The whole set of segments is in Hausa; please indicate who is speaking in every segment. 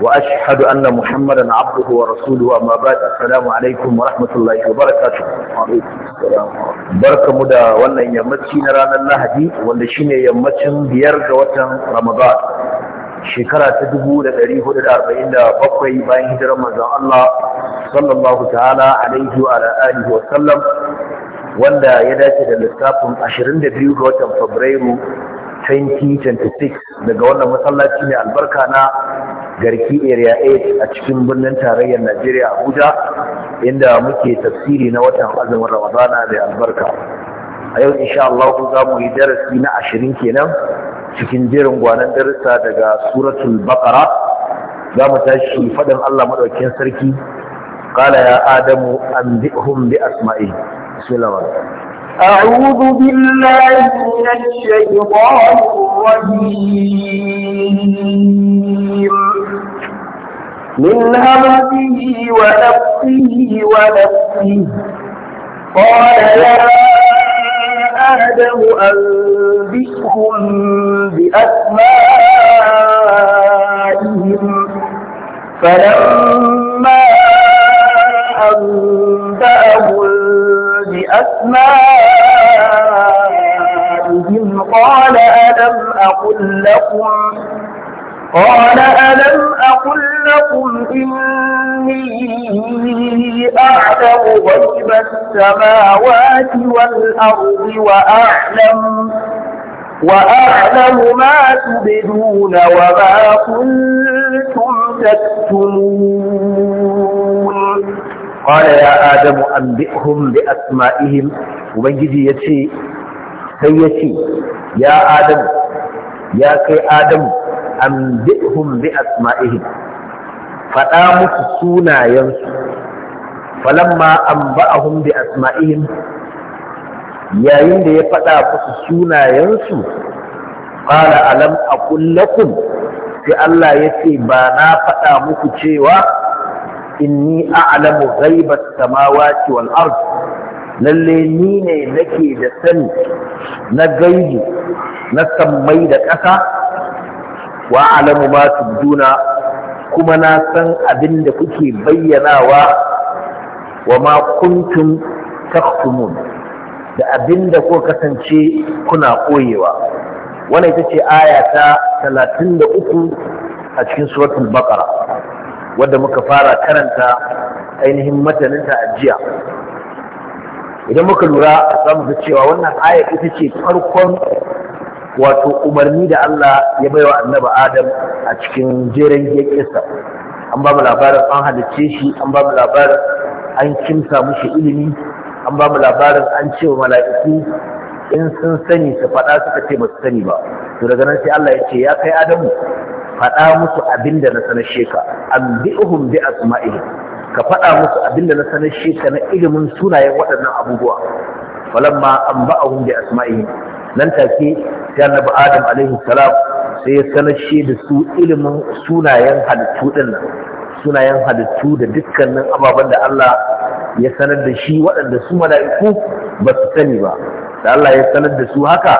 Speaker 1: واشهد ان محمدا عبده ورسوله اما بعد السلام عليكم ورحمه الله وبركاته barkamu da wannan yammaci na ranar lahadi wanda shine yammacin biyar ga watan ramadan shekara ta dubu da ɗari hudu da arba'in da bakwai bayan hijirar manzon Allah sallallahu ta'ala alaihi wa ala sallam wanda ya dace da lissafin ashirin da biyu ga watan fabrairu 2026 daga wannan masallaci mai albarka na garki area 8 a cikin birnin tarayyar najeriya abuja inda muke tafsiri na watan azumin ramadana da albarka a yau insha Allah za mu yi darasi na ashirin kenan cikin jerin gwanan darasa daga suratul baqara za mu tashi faɗin Allah maɗaukin sarki قال يا آدم أنبئهم بأسمائهم بسم أعوذ بالله من الشيطان الرجيم من همزه ونفسه ونفسه قال يا آدم أنبئهم بأسمائهم فلما أنبأهم بأسمائهم قال ألم أقل لكم قال ألم أقل لكم إني أعلم غيب السماوات والأرض وأعلم وأعلم ما تبدون وما كنتم تكتمون قال يا آدم أنبئهم بأسمائهم وبنجدي يتي سيتي ya adam ya kai adam an bihum bi asma'ihim faɗa musu sunayensu falamma an ba'ahum bi asma'ihim yayin da ya faɗa musu sunayensu qala alam aqul lakum sai Allah yace ba na faɗa muku cewa inni a'lamu ghaibas samawati wal ard lalle ni ne nake da sani na gaibu na sammai da ƙasa wa alamu ma tubduna kuma na san abin da kuke bayyanawa wa ma kuntum taktumun da abin da kuka kasance kuna koyewa wannan ita ce aya ta 33 a cikin suratul baqara wadda muka fara karanta ainihin mataninta a jiya idan muka lura za mu ga cewa wannan aya ita ce farkon wato umarni da Allah ya baiwa annabi Adam a cikin jeren gekisa an ba mu labarin an halicce shi an ba mu labarin an kimsa mushi ilimi an ba mu labarin an ce wa mala'iku in sun sani su faɗa suka ce ba sani ba to daga nan sai Allah ya ce ya kai Adamu faɗa musu abin da na sanar sheka an bi'uhum bi asma'ihim ka faɗa musu abinda na sanar shi ka na ilimin sunayen waɗannan abubuwa falamma an ba'ahum hunde asma'i nan take sai annabi adam alaihi salam sai ya sanar shi da su ilimin sunayen halittu din nan sunayen halittu da dukkanin ababen da Allah ya sanar da shi waɗanda su mala'iku ba su sani ba da Allah ya sanar da su haka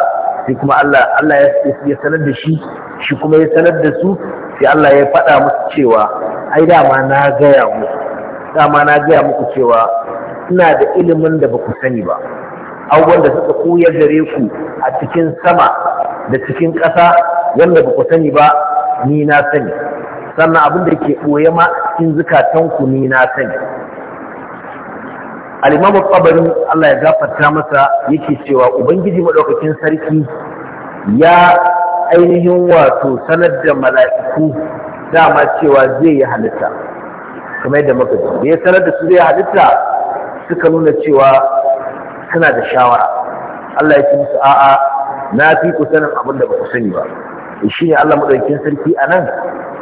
Speaker 1: sai kuma Allah Allah ya sanar da shi shi kuma ya sanar da su sai Allah ya faɗa musu cewa ai dama na gaya musu dama na gaya muku cewa ina da ilimin da ba ku sani ba abubuwan da suka koyar gare ku a cikin sama da cikin ƙasa wanda ba ku sani ba ni na sani sannan abin da ke ɓoye ma cikin ku ni na sani alimamu tsabarin Allah ya gafarta masa yake cewa ubangiji maɗaukakin sarki ya ainihin wato sanar da mala'iku dama cewa zai yi halitta kamar yadda muka ji da ya sanar da su zai halitta suka nuna cewa suna da shawara Allah ya ce musu a'a na fi ku sanin abin da ba ku sani ba shi ne Allah madaukakin sarki a nan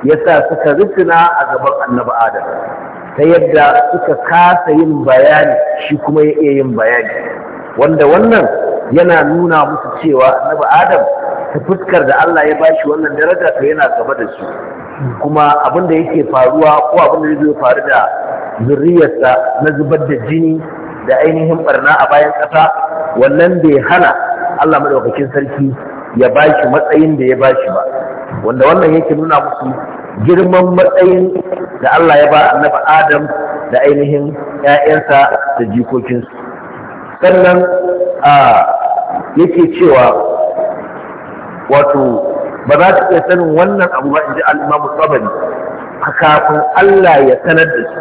Speaker 1: ya sa suka rutuna a gaban annabi Adam ta yadda suka kasa yin bayani shi kuma ya iya yin bayani wanda wannan yana nuna musu cewa annabi Adam ta fuskar da Allah ya bashi wannan daraja to yana gaba da su kuma abin da yake faruwa ko abin da zai faru da zuriyarsa na zubar da jini da ainihin barna a bayan ƙasa wannan bai hana Allah madaukakin sarki ya ba shi matsayin da ya ba shi ba wanda wannan yake nuna musu girman matsayin da Allah ya ba annabi Adam da ainihin 'ya'yansa da jikokinsu sannan a yake cewa wato ba za ta iya sanin wannan abu ba in ji al'imamu tsabari kafin Allah ya sanar da su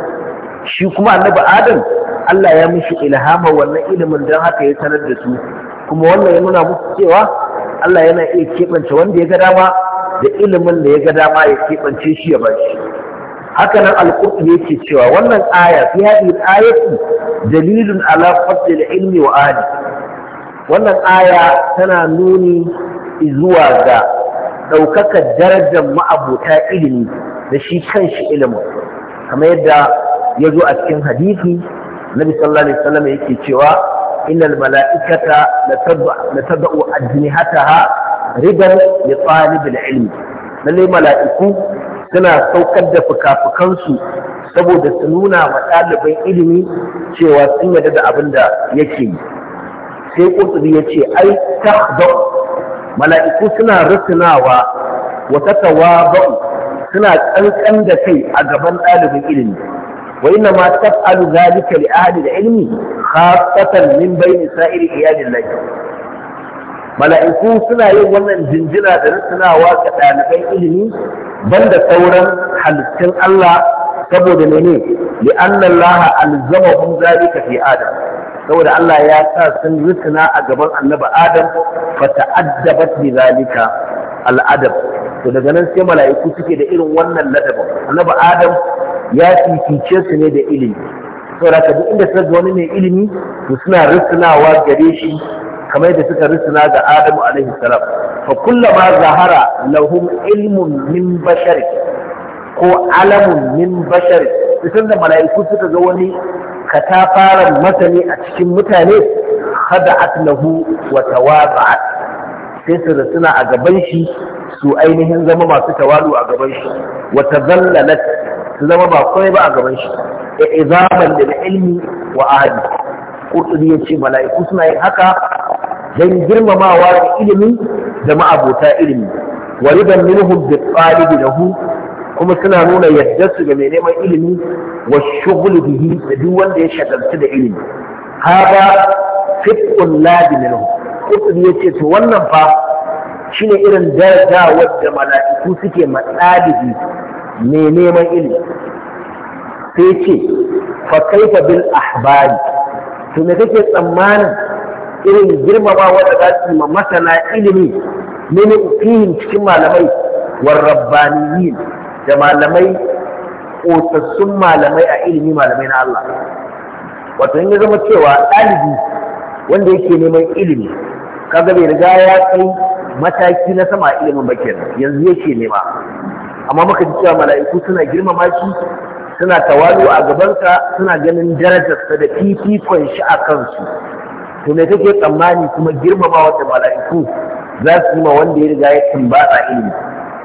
Speaker 1: shi kuma annabi adam Allah ya mishi ilhama wannan ilimin don haka ya sanar da su kuma wannan ya nuna musu cewa Allah yana iya keɓance wanda ya ga dama da ilimin da ya ga dama ya keɓance shi ya bashi haka nan alƙur'ani yake cewa wannan aya fi hadhihi al-ayatu dalilun ala fadl ilmi wa ahli wannan aya tana nuni zuwa ga ɗaukaka darajar ma'abuta ilimi da shi kan shi ilimin kamar yadda ya zo a cikin hadisi nabi sallallahu alaihi wasallam yake cewa innal mala'ikata la tad'u ajnihataha ridan li talibil ilmi lalle mala'iku suna saukar da fukafukansu saboda su nuna wa ɗaliban ilimi cewa sun yarda da abin da yake yi sai ƙurtubi ya ce ai ta mala'iku suna rutunawa wa tatawaba'u suna kankan da kai a gaban ɗalibin ilimi wa inna ma taf'alu zalika li ahli da ilimi khassatan min bayni sa'iri iyalillah mala'iku suna yin wannan jinjina da rutunawa ga ɗaliban ilimi banda sauran halittun Allah saboda mene li anna Allah alzamahum zalika fi adam saboda Allah ya sa sun rusuna a gaban annabi Adam fa ta'addabat bi zalika al'adab to daga nan sai mala'iku suke da irin wannan ladabin annabi Adam ya fifice su ne da ilimi saboda ka duk inda suka wani mai ilimi to suna rusunawa gare shi kamar da suka rusuna ga Adamu alaihi salam fa kullama zahara lahum ilmun min bashar ko alamun min bashar idan da mala'iku suka ga wani ka ta fara masani a cikin mutane hada lahu wa tawada'at sai su suna a gaban shi su ainihin zama masu tawalu a gaban shi wa tazallalat su zama ba komai ba a gaban shi izaman lil ilmi wa ahli qurtubi yace mala'iku suna yin haka don girmamawa da ilimi da ma'abota ilimi wa ridan minhum bi talibi lahu kuma suna nuna yadda su ga mai neman ilimi wa shughul bihi da duk wanda ya shagaltu da ilimi haba fitqul ladi minhu ya yace to wannan fa shine irin daraja wadda mala'iku suke matsalibi mai neman ilimi sai ce fa kaifa bil ahbari to me kake tsammanin irin girmama wadda za su ma masana ilimi ne ne cikin malamai war rabbaniyin da malamai ƙosassun malamai a ilimi malamai na Allah wato in ya zama cewa ɗalibi wanda yake neman ilimi kaga bai riga ya kai mataki na sama ilimin bakin yanzu yake nema amma muka ji cewa mala'iku suna girmama shi suna tawalu a gabansa suna ganin darajarsa da fifikon shi a kansu to me kake tsammani kuma girmama wata mala'iku za su yi ma wanda ya riga ya tumbatsa ilimi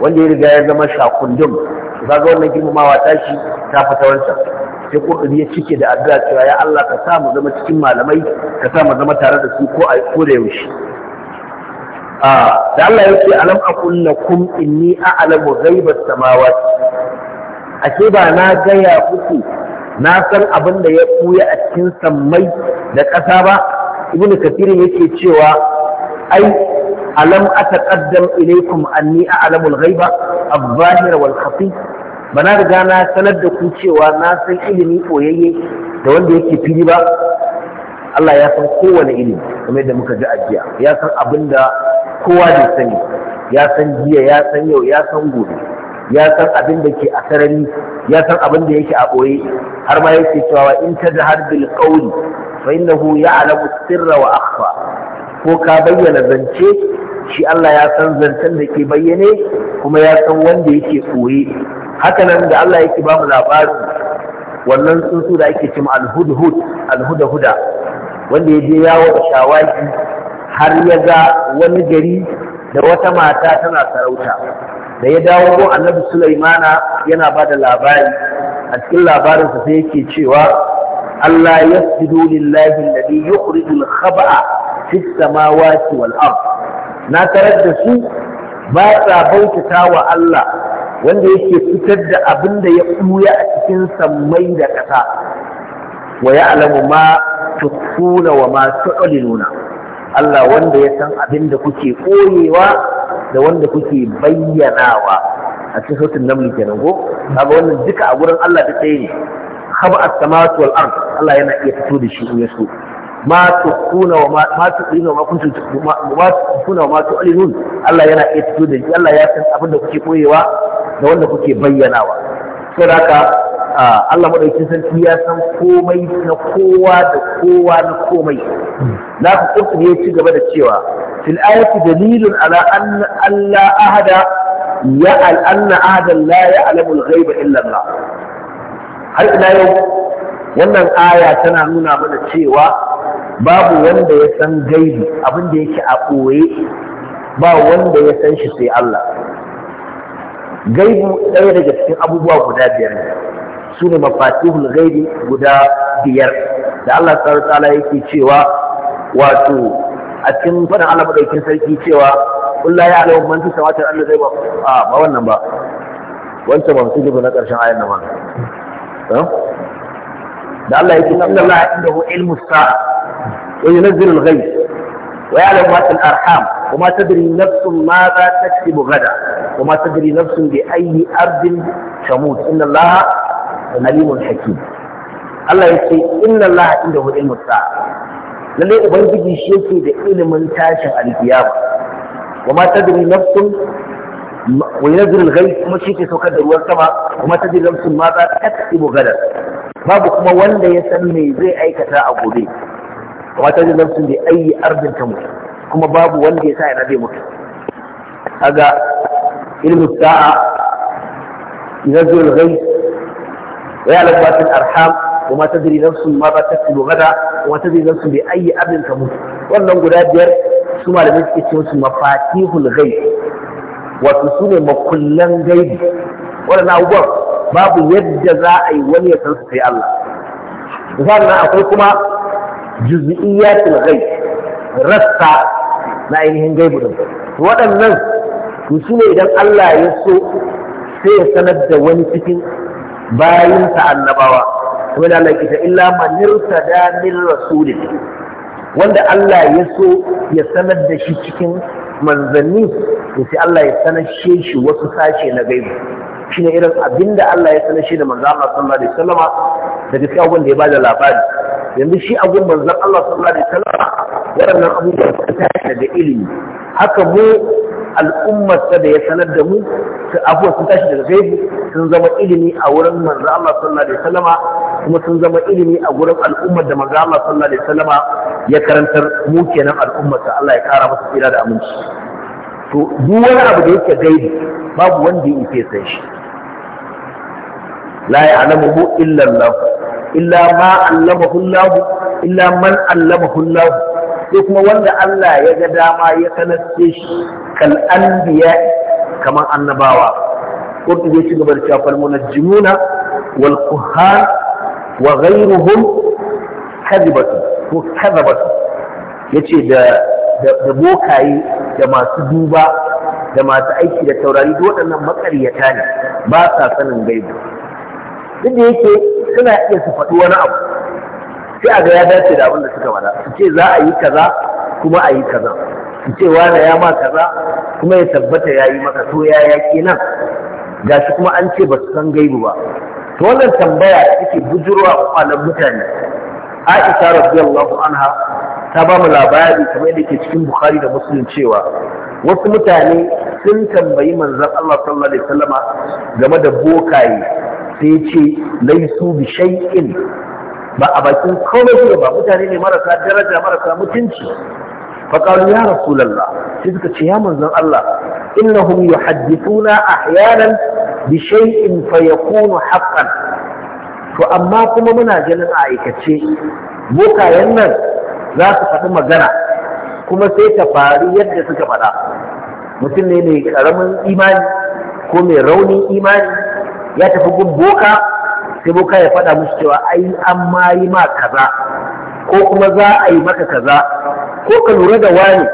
Speaker 1: wanda ya riga ya zama shakundum to ga wannan girmamawa tashi ta fata wancan sai kudin ya cike da addu'a cewa ya Allah ka sa mu zama cikin malamai ka sa mu zama tare da su ko a ko da yaushe a da Allah ya ce alam aqul lakum inni a'lamu ghaibas samawati ashe ba na ga ya kuku na san abin da ya kuya a cikin sammai da ƙasa ba ibnu kathir yake cewa ai alam ataqaddam ilaykum anni a Alamul ghaiba adh-dhahira wal-khafi bana riga na sanar da ku cewa na san ilimi koyayye da wanda yake fili ba Allah ya san kowane ilimi kamar da muka ji ajiya ya san abin da kowa bai sani ya san jiya ya san yau ya san gobe ya san abin da ke a sarari ya san abin da yake a boye har ma yake cewa in tajhar bil qawli fa innahu ya'lamu sirra wa akhfa ko ka bayyana zance shi Allah ya san zancen da ke bayyane kuma ya san wanda yake koye hakanan da Allah yake ba mu labarin wannan tsuntsu da ake cima alhudhud alhudahuda wanda ya je yawo da shawaki har ya ga wani gari da wata mata tana sarauta da ya dawo ko annabi Sulaimana yana ba da labari a cikin labarinsa sai yake cewa Allah yasjudu lillahi alladhi yukhrijul khaba'a fi samawati wal ard na tarar da su ba sa bautata wa Allah wanda yake fitar da abin da ya buya a cikin sammai da ƙasa wa ya'lamu ma tukuna wa ma tu'linuna Allah wanda ya san abin da kuke koyewa da wanda kuke bayyanawa a cikin sautin namli kenan ko kaga wannan duka a gurin Allah da ne khaba as-samawati wal ard Allah yana iya fito da shi in ya so ma tukuna wa ma tukuna ma kuntum ma tukuna ma tu'linun Allah yana iya fito da shi Allah ya san abin da kuke koyewa da wanda kuke bayyanawa saboda haka Allah madaukakin sarki ya san komai na kowa da kowa na komai na ku kurkuri ya ci gaba da cewa fil ayati dalilun ala anna Allah ahada ya al anna ahada la ya'lamu al-ghaiba illa Allah har ila yau wannan aya tana nuna mana cewa babu wanda ya san gaibi abin da yake a ɓoye ba wanda ya san shi sai Allah gaibi ɗaya daga cikin abubuwa guda biyar ne su ne mafatihul gaibi guda biyar da Allah tsara tsala yake cewa wato a cikin fadin Allah madaukin sarki cewa kullu ya alamu man fi samawati Allah zai ba ba wannan ba wancan ba su na ƙarshen ayan nan ba da Allah yake inna Allah indahu ilmu sa'a wa yunzilu al-ghayb wa ya'lamu ma fil arham wa ma tadri nafsun ma za taktubu gada wa ma tadri nafsun bi ardin inna Allah alimun hakim Allah yake inna Allah indahu ilmu lalle ubangiji shi yake da ilimin tashin alkiyama wa ma tadri nafsun وينزل الغيث وما شيء سوكا دروان سما وما تدري نفس ta تكسب غدا babu kuma wanda ya san me zai aikata a gobe kuma ta ji nafsin da ayi arzin ta mutu kuma babu wanda ya sa ya zai mutu kaga ilmu sa'a nazul ghaib wa ya'lamu ma fil arham wa ma tadri nafsun ma ba tasilu gada wa tadri nafsun bi ayi arzin ta mutu wannan guda biyar su malamai suke ce su mafatihul ghaib wato su ne makullan gaibi waɗannan abubuwan babu yadda za a yi wani ya san su sai Allah sannan akwai kuma juz'iyyatul ghaib rassa na ainihin gaibu din waɗannan to su ne idan Allah ya so sai ya sanar da wani cikin bayinsa annabawa kuma da Allah kita illa man irtada min rasulin wanda Allah ya so ya sanar da shi cikin manzanni to sai Allah ya sanar shi wasu sashe na gaibu shine irin abinda Allah ya sanar shi da manzo Allah sallallahu alaihi wasallama da gaskiya wanda ya bada labari yanzu shi abun manzon Allah sallallahu alaihi wasallama waɗannan abubuwan suka tashi daga ilimi haka mu al'ummar da ya sanar da mu abubuwan sun tashi daga gaibu sun zama ilimi a wurin manzo Allah sallallahu alaihi wasallama kuma sun zama ilimi a gurin al'ummar da manzo Allah sallallahu alaihi wasallama ya karantar mu kenan al'ummarsa Allah ya kara masa tsira da aminci to duk wani abu da yake gaibi babu wanda ya ife san shi la ya'lamuhu illa Allah illa ma allamahu Allah illa man allamahu Allah sai kuma wanda Allah ya ga dama ya sanarce shi kal anbiya kaman annabawa ko da ci gaba da cewa munajjimuna wal kuhan wa ghayruhum kadibatu ko kadabatu yace da da bokaye da masu duba da masu aiki da taurari waɗannan makaryata ne ba sa sanin gaibu duk da yake suna iya su faɗi wani abu sai a ga ya dace da abin da suka bada, su ce za a yi kaza kuma a yi kaza su ce wani ya ma kaza kuma ya tabbata ya yi maka to ya ya nan ga shi kuma an ce ba su san gaibu ba to wannan tambaya da take bujurwa kwanan mutane Aisha radiyallahu anha ta ba mu labari kamar yadda ke cikin Bukhari da Muslim cewa wasu mutane sun tambayi manzon Allah sallallahu alaihi wasallama game da bokaye sai ce laisu bi shay'in ba a bakin komai ba mutane ne marasa daraja marasa mutunci faƙaru ya rasulallah sai suka ce ya manzon Allah innahum yuhaddithuna ahyanan bi shay'in fa yakunu haqqan to amma kuma muna ganin a aikace bokayen nan za su faɗi magana kuma sai ta faru yadda suka faɗa mutum ne mai ƙaramin imani ko mai raunin imani ya tafi gun boka sai boka ya faɗa musu cewa ai an ma yi ma kaza ko kuma za a yi maka kaza ko ka lura da wani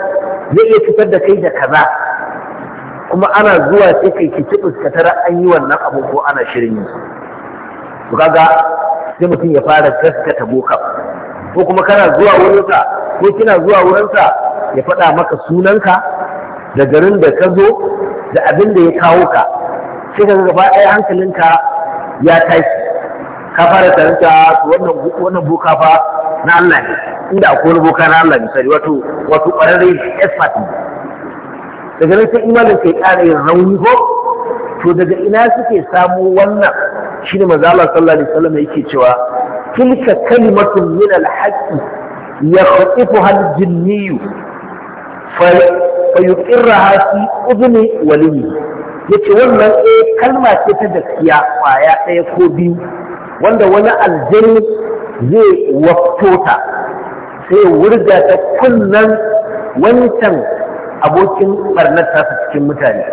Speaker 1: zai iya fitar da kai da kaza kuma ana zuwa sai kai ci fuskatar an yi wannan abu ko ana shirin yi to kaga sai mutum ya fara gaskata boka ko kuma kana zuwa wurinsa ko kina zuwa wurinsa ya faɗa maka sunanka da garin da ka zo da abin da ya kawo ka sai ka gaba ɗaya hankalinka ya tashi ka fara tarita wannan wannan boka fa na Allah ne inda akwai wani boka na Allah misali wato wato ƙwararre expert ne daga nan sai imanin kai ƙara yin rauni ko to daga ina suke samo wannan shine manzo Allah sallallahu alaihi wasallam yake cewa tilka kalimatun min al-haqqi yakhṭifuha al-jinniyu fa yuqirraha fi udhni waliyyi ce wannan eh, kalma ce ta gaskiya kwaya ɗaya ko biyu wanda wani aljani zai wafto ta sai wurga ta kunnan wancan abokin barnar tasa cikin mutane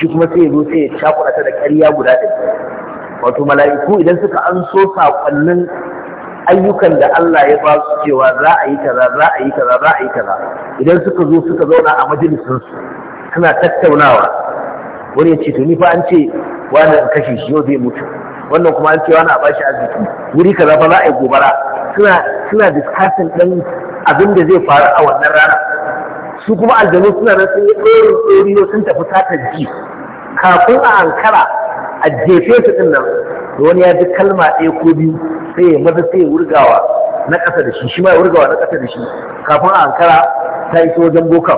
Speaker 1: shi kuma sai ya zo sai ya shakuɗa ta da ƙarya guda ɗaya wato mala'iku idan suka an so saƙonnin ayyukan da Allah ya ba su cewa za a yi kaza za a yi kaza za a yi kaza idan suka zo suka zauna a majalisinsu suna tattaunawa wani ya ce to ni fa an ce wani kashe shi yau zai mutu wannan kuma an ce wani a bashi arziki wuri kaza fa za a yi gobara suna suna discussing din abin da zai faru a wannan rana su kuma aljanu suna nan sun yi ɗorin yau sun tafi satar ji kafin a ankara a jefe su din nan wani ya ji kalma ɗaya ko biyu sai ya maza sai ya wurgawa na ƙasa da shi shi ma ya wurgawa na ƙasa da shi kafin a ankara ta iso wajen bokan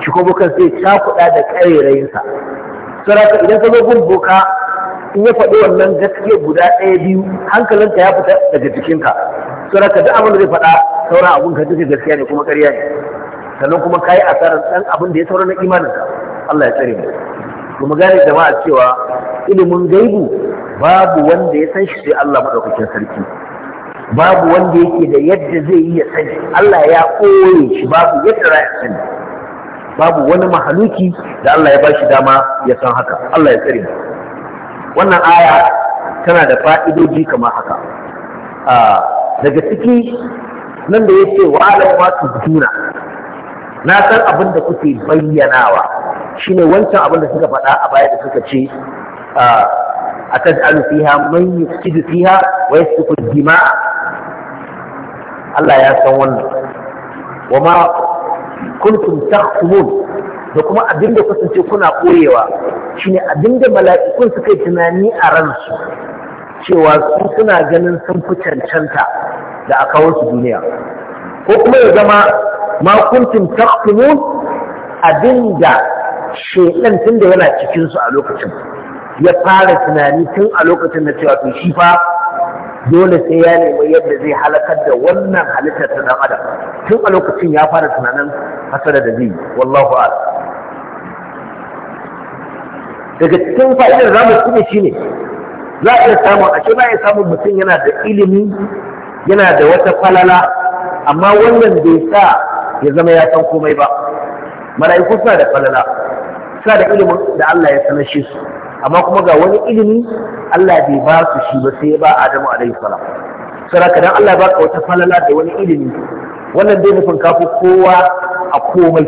Speaker 1: shi ko bokan sai ya cakuɗa da ƙarerayinsa saraka idan ka zo gun boka in ya faɗi wannan gaskiya guda ɗaya biyu hankalinka ya fita daga jikinka saraka duk abin da zai faɗa sauran abun ka duka gaskiya ne kuma ƙarya ne sannan kuma ka yi asarar ɗan abin da ya saura na imanin Allah ya tsare mu kuma gane jama'a cewa ilimin gaibu babu wanda ya san shi sai Allah maɗaukakin sarki babu wanda yake da yadda zai yi ya sani Allah ya koye shi babu yadda za ya sani babu wani mahaluki da Allah ya bashi dama ya san haka Allah ya tsare wannan aya tana da fa'idoji kamar haka daga ciki nan da yake wa alam ma na san abin da kuke bayyanawa shine wancan abin da suka faɗa a baya da suka ce أتجعل فيها من يفسد فيها ويسفك الدماء الله يا wa وما kuntum tahkumun da kuma abin da kasance kuna koyewa shine abin da mala'ikun suka yi tunani a ransu cewa su suna ganin sun fi cancanta da akawunsu duniya ko kuma ya zama ma kuntum tahkumun abin da shedan tun da yana cikinsu a lokacin ya fara tunani tun a lokacin da cewa to shi fa dole sai ya nemi yadda zai halakar da wannan halittar ta dan adam tun a lokacin ya fara tunanin hasara da zai wallahu a'lam daga cikin fa'idar zamu kuma shine za a iya samun ashe ba ya samun mutum yana da ilimi yana da wata falala amma wannan bai sa ya zama ya san komai ba mala'iku suna da falala suna da ilimin da Allah ya sanar shi su amma kuma ga wani ilimi Allah bai ba su shi ba sai ba Adamu alaihi salam saraka dan Allah baka wata falala da wani ilimi wannan dai nufin kafu kowa a komai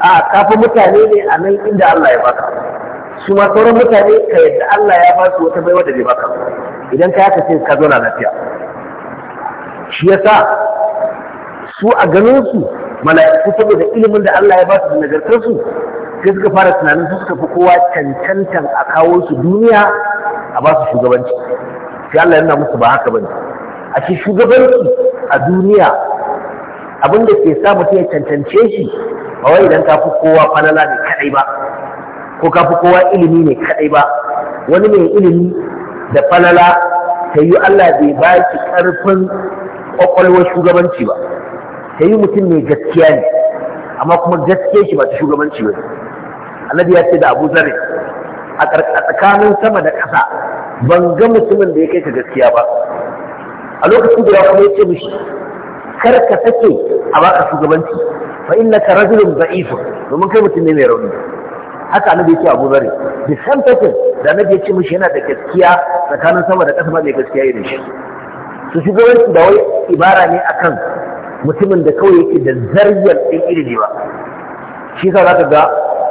Speaker 1: a kafu mutane ne a nan inda Allah ya baka su ma sauran mutane ka yadda Allah ya ba su wata baiwa da bai baka idan ka yaka sai ka zauna lafiya shi yasa su a ganin su mala'iku saboda ilimin da Allah ya ba su da nagartar su sai suka fara tunanin su suka fi kowa cancantan a kawo su duniya a ba su shugabanci sai Allah yana musu ba haka bane a ce shugabanci a duniya abin da ke sa mutum ya cancance shi ba wai idan ka fi kowa falala ne kadai ba ko ka fi kowa ilimi ne kadai ba wani mai ilimi da falala ta yi Allah bai ba shi karfin kwakwalwar shugabanci ba ta yi mutum mai gaskiya ne amma kuma gaskiya shi ba ta shugabanci ba annabi ya ce da abu zarri a tsakanin sama da ƙasa ban ga mutumin da ya kai ka gaskiya ba a lokacin da ya kuma ya ce mishi kar ka sake a baka shugabanci fa ka rajulun da'if domin kai mutum ne mai rauni haka annabi ya ce abu zarri the same person da annabi ya ce mishi yana da gaskiya tsakanin sama da ƙasa ba mai gaskiya irin shi su shugabanci da wai ibara ne akan mutumin da kawai yake da zaryar ɗin ilimi ba shi sa za ka ga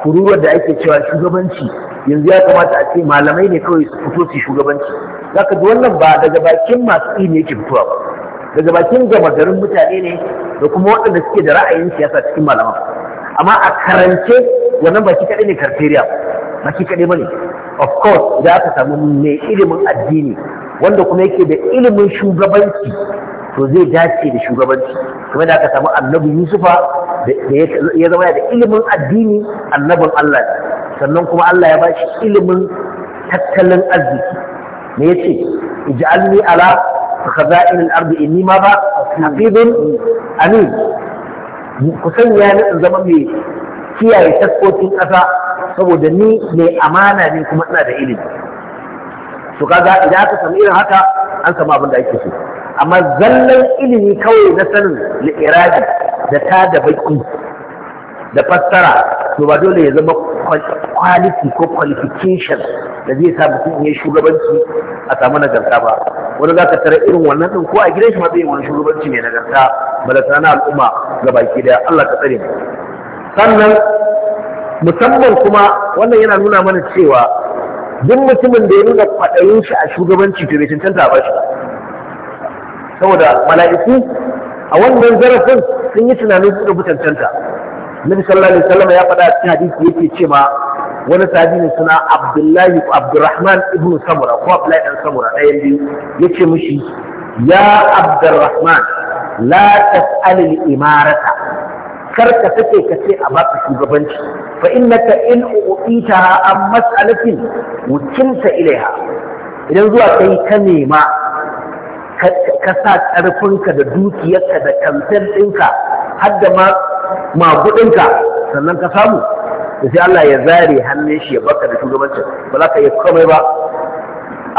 Speaker 1: kururuwar da ake cewa shugabanci yanzu ya kamata a ce malamai ne kawai su fito su shugabanci Za ka ji wannan ba daga bakin masu ne yake fitowa ba daga bakin gama mutane ne da kuma waɗanda suke da ra'ayin siyasa cikin malaman amma a karance wannan baki kaɗai ne karteriya baki kaɗai ba ne of course idan aka samu mai ilimin addini wanda kuma yake da ilimin shugabanci to zai dace da shugabanci kuma da aka samu annabi yusufa da ya zama da ilimin addini annabin allah sannan kuma allah ya ba shi ilimin tattalin arziki me ya ce ij'alni ala khaza'in al-ardi inni ma ba hafizun amin ku sanya ni in zama mai kiyaye taskokin ƙasa saboda ni mai amana ne kuma ina da ilimi to kaga idan aka samu irin haka an samu abin da ake so amma zallan ilimi kawai na sanin liradi da ta da baki da fassara to ba dole ya zama quality ko qualification da zai sa mutum ya shugabanci a samu nagarta ba wani za ka tara irin wannan din ko a gidan shi ma zai yi wani shugabanci mai nagarta balata na al'umma ga baki da Allah ka tsare sannan musamman kuma wannan yana nuna mana cewa duk mutumin da ya nuna kwaɗayin shi a shugabanci to bai cancanta ba shi saboda mala'iku a wannan zarafin sun yi tunanin buɗe rubu cancanta nabi sallallahu alaihi wasallam ya faɗa cikin hadisi yake ce wani sahabi ne suna abdullahi ko abdurrahman ibnu samura ko abdullahi dan samura ɗayan biyu yace mishi ya abdurrahman la tas'al al-imarata Karka ka sake ka ce a baka shugabanci fa innaka in uqita an mas'alatin wukinta ilaiha idan zuwa kai ka nema ka sa karfinka da dukiyarka da kamfen ɗinka har da ma magudinka sannan ka samu da sai Allah ya zare hannun shi ya baka da shugabancin ba za ka iya komai ba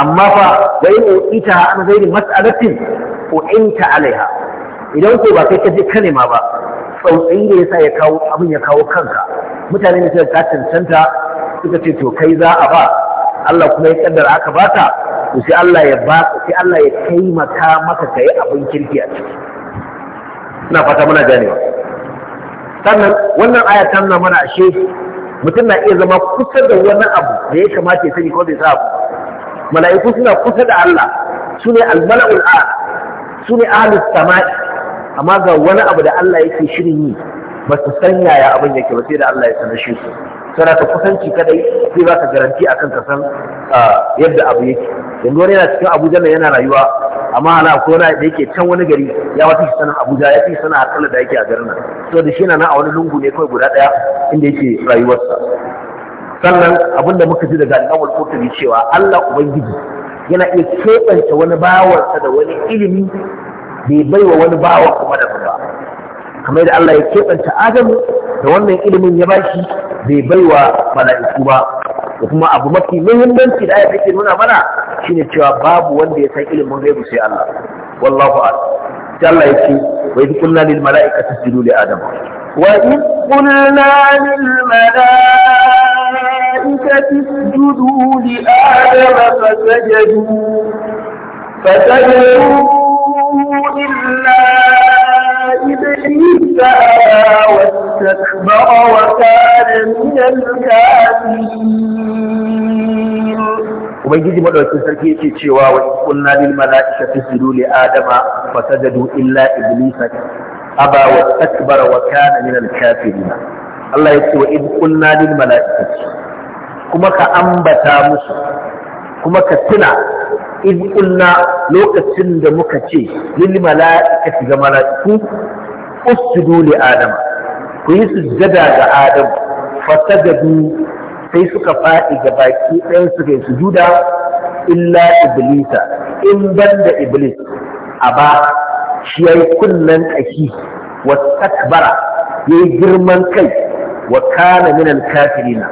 Speaker 1: amma fa wa in uqita an zaini mas'alatin u'inta alaiha idan ko ba kai ka je ka nema ba tsautsayi da yasa ya kawo abin ya kawo kanka mutane ne suka ka cancanta suka ce to kai za a ba Allah kuma ya kaddar aka baka to sai Allah ya ba sai Allah ya taimaka maka kai abin kirki a ciki ina fata muna ganewa sannan wannan aya ta nuna mana ashe mutum na iya zama kusa da wani abu da ya kamata ya sani ko bai sa mala'iku suna kusa da Allah su ne al-mala'ul su ne ahlus sama'i amma ga wani abu da Allah yake shirin yi ba su san yaya abin yake ba sai da Allah ya sanar shi su sana ka kusanci kadai sai ba ka garanti akan ka san yadda abu yake yanzu wani yana cikin Abuja na yana rayuwa amma ana ko na da yake can wani gari ya wata shi Abuja ya fi sana akalla da yake a garin nan to da shi yana nan a wani lungu ne kawai guda daya inda yake rayuwarsa sannan abin da muka ji daga al'amul kurtubi cewa Allah ubangiji yana iya keɓance wani bawansa da wani ilimi bai baiwa wani bawa kuma da ba kamar da Allah ya keɓanta Adamu da wannan ilimin ya bashi bai baiwa mala'iku ba da kuma abu mafi muhimmanci da ayat take nuna mana shine cewa babu wanda ya san ilimin gaibu sai Allah wallahu a'lam sai Allah ya ce wa idh qulna lil mala'ikati isjudu li adam wa idh qulna lil mala'ikati isjudu li adam fasajadu fasajadu إلا إبليس واستكبر وكان من الكافرين Ubangiji madaukakin sarki yake cewa wa kunna lil mala'ika tasjudu li adama fasajadu illa iblisa aba wa takbara wa kana min al kafirin Allah yake wa id kunna lil mala'ikati kuma ka ambata musu kuma ka tuna in lokacin da muka ce lil mala'ikati ga mala'iku usjudu li adama ku yi sujjada ga adam fasajadu sai suka faɗi ga baki ɗayan su kai sujuda illa iblisa in banda iblis a ba shi yayi kunnan ƙashi wa takbara yayi girman kai wa kana minal kafirina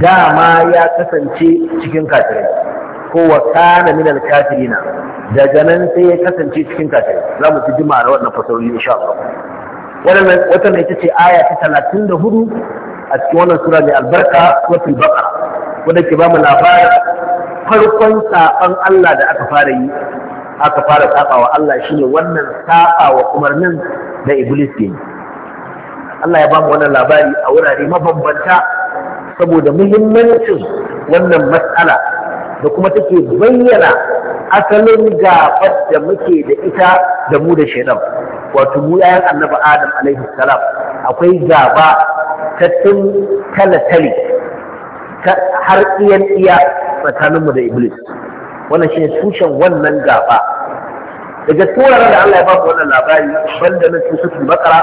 Speaker 1: dama ya kasance cikin kafirai ko wa kana min al-kafirina daga nan sai ya kasance cikin kafirai za mu ji jima da wannan fasarori insha Allah wannan wata ne tace aya ta 34 a cikin wannan sura mai albarka suratul baqara wanda ke ba mu labarin farkon saban Allah da aka fara yi aka fara sabawa Allah shine wannan sabawa umarnin da iblis ke Allah ya ba mu wannan labari a wurare mabambanta saboda muhimmancin wannan matsala da kuma take bayyana asalin gabar da muke da ita da mu da shaidan wato mu yayan annabi adam alaihi salam akwai gaba ta tun talatali har iyan iya tsakaninmu da iblis wannan shine tushen wannan gaba daga turaren da Allah ya baku wannan labari banda na tusatul bakara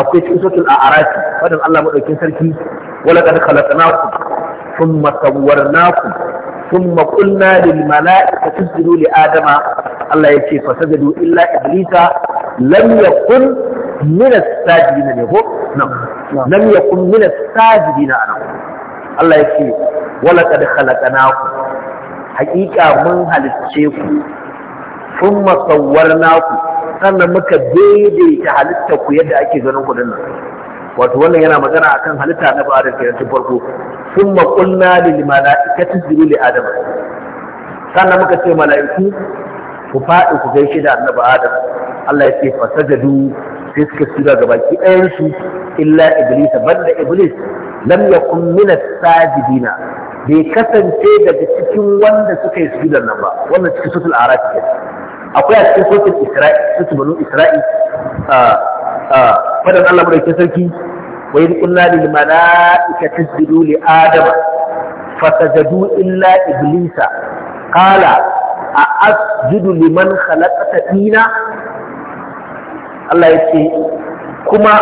Speaker 1: akwai tusatul a'arafi wadan Allah madaukin sarki wala kad khalaqnakum thumma sawwarnakum ثم قلنا للملائكة تسجدوا لآدم الله يتي فسجدوا إلا إبليس لم يكن من الساجدين يقول نعم لم يكن من الساجدين أنا الله يتي ولقد خلقناكم حقيقة من هلتشيكم ثم صورناكم sannan muka daidaita halittar ku yadda ake ganin ku dinnan wato wannan yana magana akan halitta na ba adam kenan tun farko Sun thumma qulna lil malaikati isjudu li adam sannan muka ce mala'iku ku faɗi ku gaishe da annabi adam Allah ya ce fasajadu sai suka suga ga baki ɗayan su illa iblis banda iblis lam yakun min as-sajidina bai kasance daga cikin wanda suka yi sujudan nan ba wannan cikin sutul arafi akwai a cikin sutul isra'i sutul banu isra'i ah, fadan Allah ke sarki wa idh qulna lil mala'ikati isjudu li adama fasajadu illa iblisa qala a asjudu liman khalaqata tina Allah yake kuma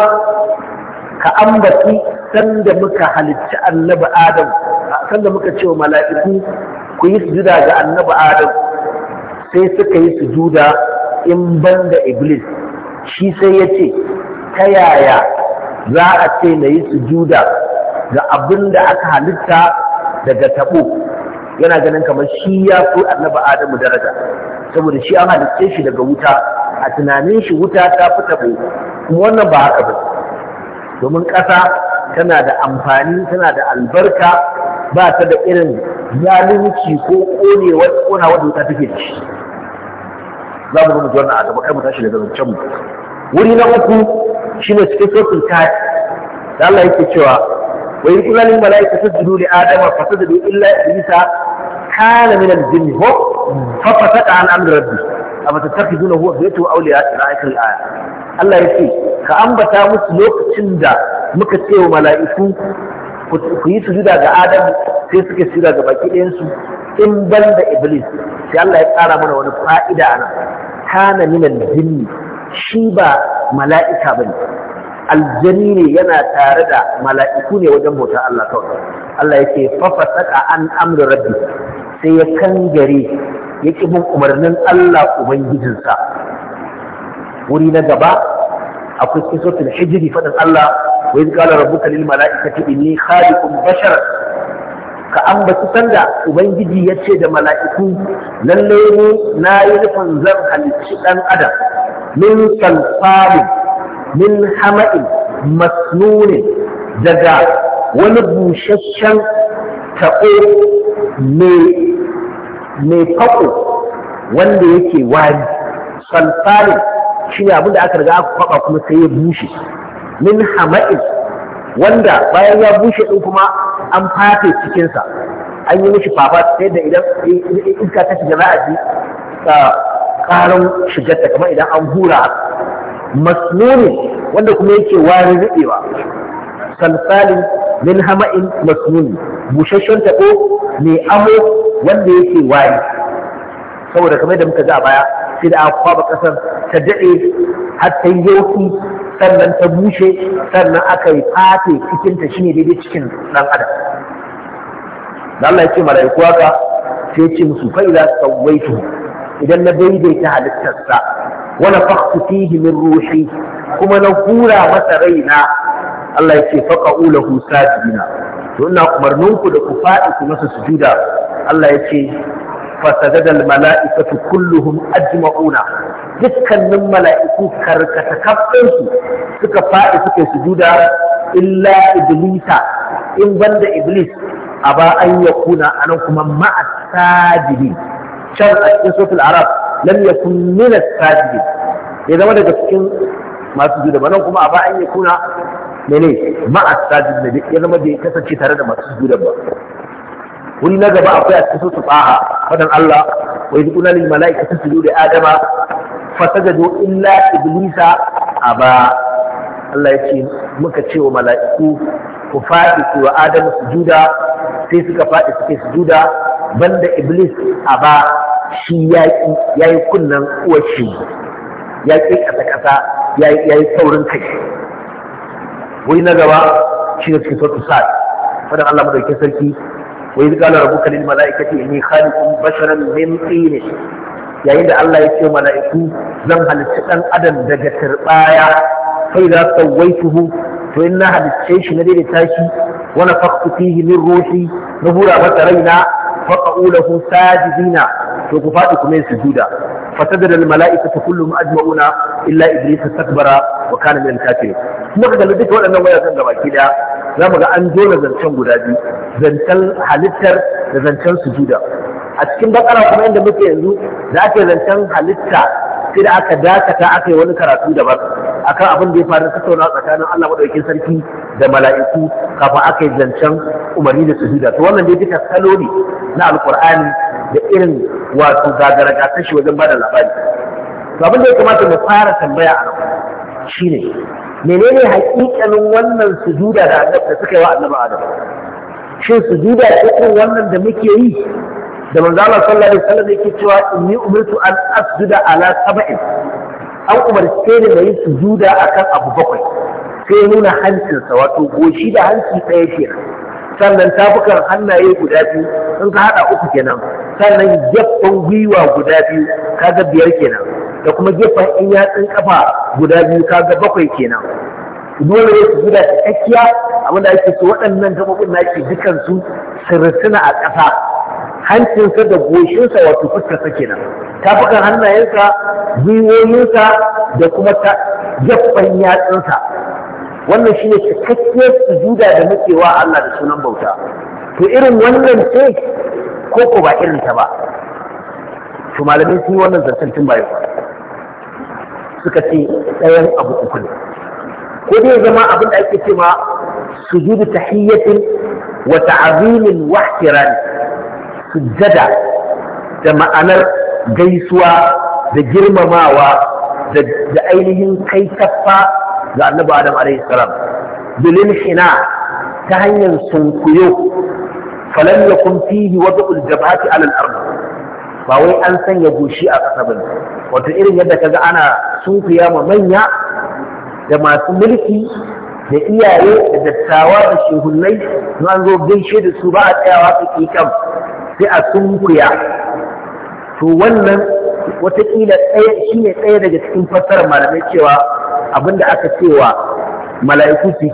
Speaker 1: ka ambaci sanda muka halicci annabi Adam sanda muka ce wa mala'iku ku yi sujuda ga annabi Adam sai suka yi sujuda in banda iblis shi sai ya ce ta yaya za a ce na yi sujuda ga abin da aka halitta daga taɓo yana ganin kamar shi ya fi annaba adamu daraja saboda shi an halitta shi daga wuta a tunanin shi wuta ta fi taɓo kuma wannan ba haka ba domin ƙasa tana da amfani tana da albarka ba ta da irin zalunci ko ƙonewar ƙona wadda wuta take da shi za mu zo mu ji wannan a gaba kai mu tashi daga zancen mu wuri na uku shine cikin sautin ta da Allah yake cewa wa in kullalin malaika tasjudu li adama fasajadu illa iblisa kana min al-jinn ho fa fasata an amri rabbi amma tattakhiduna huwa baytu awliya ila ayatul aya Allah yake ka ambata musu lokacin da muka ce wa mala'iku ku yi sujuda ga adam sai suka sujuda ga baki ɗayansu in ban da iblis sai Allah ya ƙara mana wani fa'ida a nan kana minal shi ba mala'ika bane aljani ne yana tare da mala'iku ne wajen bauta Allah kawai Allah yake fafasaka an amri rabbi sai ya kangare ya ƙi bin umarnin Allah ubangijinsa wuri na gaba akwai kisotul hijiri faɗin Allah wa iz qala rabbuka lil mala'ikati inni khaliqun bashar ka ambaci sanda ubangiji ya ce da mala'iku lalle mu na yi nufin zan halicci ɗan adam min salsalin min hama'in masnunin daga wani busasshen taɓo mai faɓo wanda yake wari salsalin shine abin da aka riga aka kwaba kuma sai ya bushe min hama'in wanda bayan ya bushe ɗin kuma an fafe cikinsa an yi mishi fafa da da idan iska ta shiga za a ji ƙarin shigarta kamar idan an hura masnuni wanda kuma yake warin riɓewa salsalin min hama'in masnuni busasshen taɓo mai amo wanda yake wari saboda kamar da muka ji a baya sai da kwaba ƙasar ta daɗe har ta yauki sannan ta bushe sannan aka yi fate cikin ta shine daidai cikin ɗan adam da Allah ya ce mala'iku haka sai ce musu fa idza sawaitu idan na daidaita halittarsa wa nafakhtu fihi min ruhi kuma na hura masa raina Allah ya ce faqa'u lahu sajidina to ina umarninku da ku faɗi ku masa sujuda Allah ya ce فسجد الملائكة كلهم أجمعون dukkanin mala'iku karkata su, suka faɗi suka sujuda illa iblisa in banda iblis a ba an ya kuna anan kuma ma'a sajidi can a cikin sotul arab lam kun mina sajidi ya zama daga cikin masu sujuda ba nan kuma a ba an ya kuna ya zama da tare da masu ba Wani na gaba akwai a cikin su tsaha wadan Allah wa yi kuna lil mala'ika su sujudu da adama fasajadu illa iblisa aba Allah ya ce muka ce wa mala'iku ku fadi ku wa adam sujuda sai suka fadi suke sujuda banda iblis aba shi yaki yayi kunnan uwar shi kasa kasa yayi saurin kai wani na gaba shi ne cikin fadan Allah sarki wa idh qala rabbuka lil mala'ikati inni khaliqun basharan min tin yayin da Allah ya ce mala'iku zan halicci dan adam daga turbaya fa idza sawaituhu to inna halicce shi na daidaita shi wa nafakhtu fihi min ruhi na hura masa raina faqa'u lahu sajidina to ku fadi kuma su juda fatadar almala'ikatu kullum na illa iblis takbara wa kana min kuma duka waɗannan wayakan gabaki ɗaya, za mu ga an jona zancen guda biyu zancen halittar da zancen sujuda a cikin bakara kuma inda muke yanzu da ake zancen halitta sai da aka dakata aka yi wani karatu daban akan abin da ya faru tattauna tsakanin Allah madaukakin sarki da mala'iku kafin aka yi zancen umarni da sujuda to wannan dai duka salo ne na alqur'ani da irin wato gagara gasar shi wajen bada labari to abin da ya kamata mu fara tambaya a nan shine menene hakikanin wannan sujuda da annabi da suka yi wa annabi Adam shin sujuda ce irin wannan da muke yi da manzo Allah sallallahu alaihi wasallam yake cewa inni umirtu an asjuda ala sab'in an umarce ni na yi sujuda kan abu bakwai sai nuna hancinsa wato goshi da hanci ɗaya ke sannan tafukan hannaye guda biyu sun ka haɗa uku kenan sannan gefen gwiwa guda biyu kaga biyar kenan da kuma gefen in yatsun ƙafa guda biyu kaga bakwai kenan dole ne su guda tsakiya abinda ake so waɗannan na naki dukansu su a ƙasa hancinsa da goshinsa wato fuskarsa kenan tafukan hannayensa gwiwoyinsa da kuma ta jaffan yatsunsa wannan shine cikakkiyar sujuda da muke wa Allah da sunan bauta to irin wannan ce ko ko ba irin ta ba to malamai sun yi wannan zancen tun bayan suka ce ɗayan abu uku ne ko dai zama abin da ake cewa sujudu tahiyyatin wa ta'zimin wa ihtirami sujjada da ma'anar gaisuwa da girmamawa da ainihin kai kaffa ga annabi adam alaihi salam bilin hina ta hanyar sunkuyo falan yakun fihi wad'ul jabhati ala al ba wai an sanya goshi a ƙasa bane wato irin yadda kaga ana sunkuya ma manya da masu mulki da iyaye da dattawa da shehunnai in an zo gaishe da su ba a tsayawa su kam sai a sunkuya to wannan watakila shi ne ɗaya daga cikin fassarar malamai cewa abinda aka cewa mala'iku su yi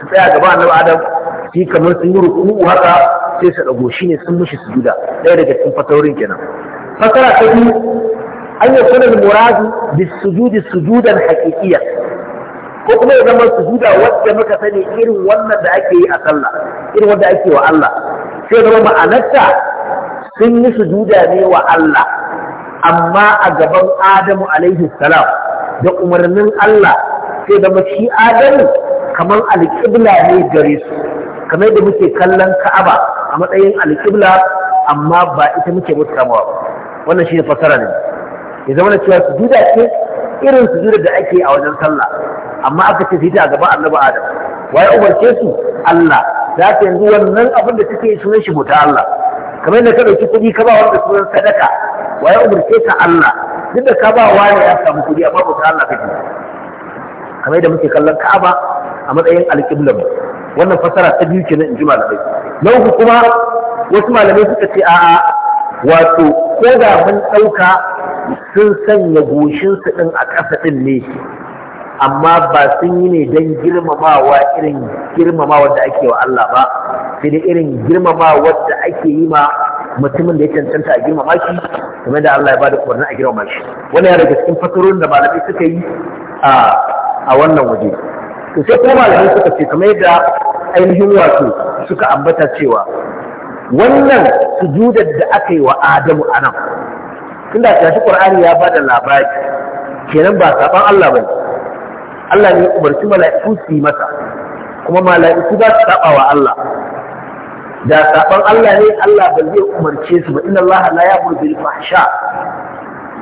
Speaker 2: su tsaya gaba na
Speaker 1: adam shi kamar sun yi ruku'u haka sai su ɗago shi ne sun mushi sujuda ɗaya daga cikin fasarorin kenan fasara ta biyu an yi sanar muradu bis sujudi sujudan haƙiƙiyar ko kuma ya zama sujuda wacce muka sani irin wannan da ake yi a sallah irin wanda ake wa Allah sai zama ma'anarta sun yi sujuda ne wa Allah amma a gaban Adamu alaihi salam da umarnin Allah sai zama shi Adamu kamar alƙibla ne gare su kamar da muke kallon Ka'aba a matsayin alƙibla amma ba ita muke mutamawa wannan shi ne fasara ne ya zama na cewa sujuda ce irin sujuda da ake a wajen sallah amma aka ce sita yi ta a gaban annabi adam waye umarce su Allah za ta yanzu wannan abin da take sunan shi bauta Allah kamar yadda ka ɗauki kuɗi ka ba wanda sunan sadaka waye umarce ka Allah duk da ka ba wani ya samu kuɗi amma bauta Allah kake kamar yadda muke kallon Ka'aba a matsayin alƙiblan wannan fasara ta biyu kenan in ji malamai na kuma wasu malamai suka ce a'a wato ko da mun ɗauka sun sanya goshinsu ɗin a ƙasa ɗin ne amma ba sun yi ne don girmamawa irin girmamawa da ake wa Allah ba sai dai irin girmamawa da ake yi ma mutumin da ya cancanta a girmama shi kuma da Allah ya bada kwarna a girmama shi wannan ya daga cikin fasarorin da malamai suka yi a wannan waje to sai kuma malamai suka ce kamar yadda ainihin wato suka ambata cewa wannan sujudar da aka yi wa Adamu anan tunda shi Qur'ani ya bada labari kenan ba saban Allah bane Allah ne ya umarci mala'iku su yi masa kuma mala'iku za su saba wa Allah da saban Allah ne Allah ba zai umarce su ba inna Allah la ya'muru bil fahsha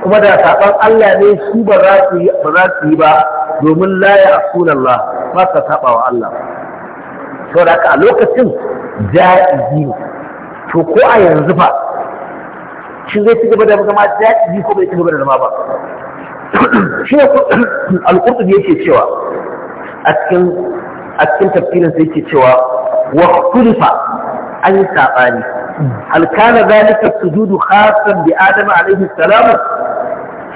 Speaker 1: kuma da saban Allah ne su ba za su yi ba za su yi ba domin la ya'sun Allah ba ka saba wa Allah saboda a lokacin ja'izi to ko a yanzu fa? Shin zai ci gaba da zama ja'izi ko bai ci gaba da zama ba shi ne al-qurtubi yake cewa a cikin a cikin tafsirin sai yake cewa wa khulifa an sabani hal kana zalika sujudu khassan bi adam alaihi salam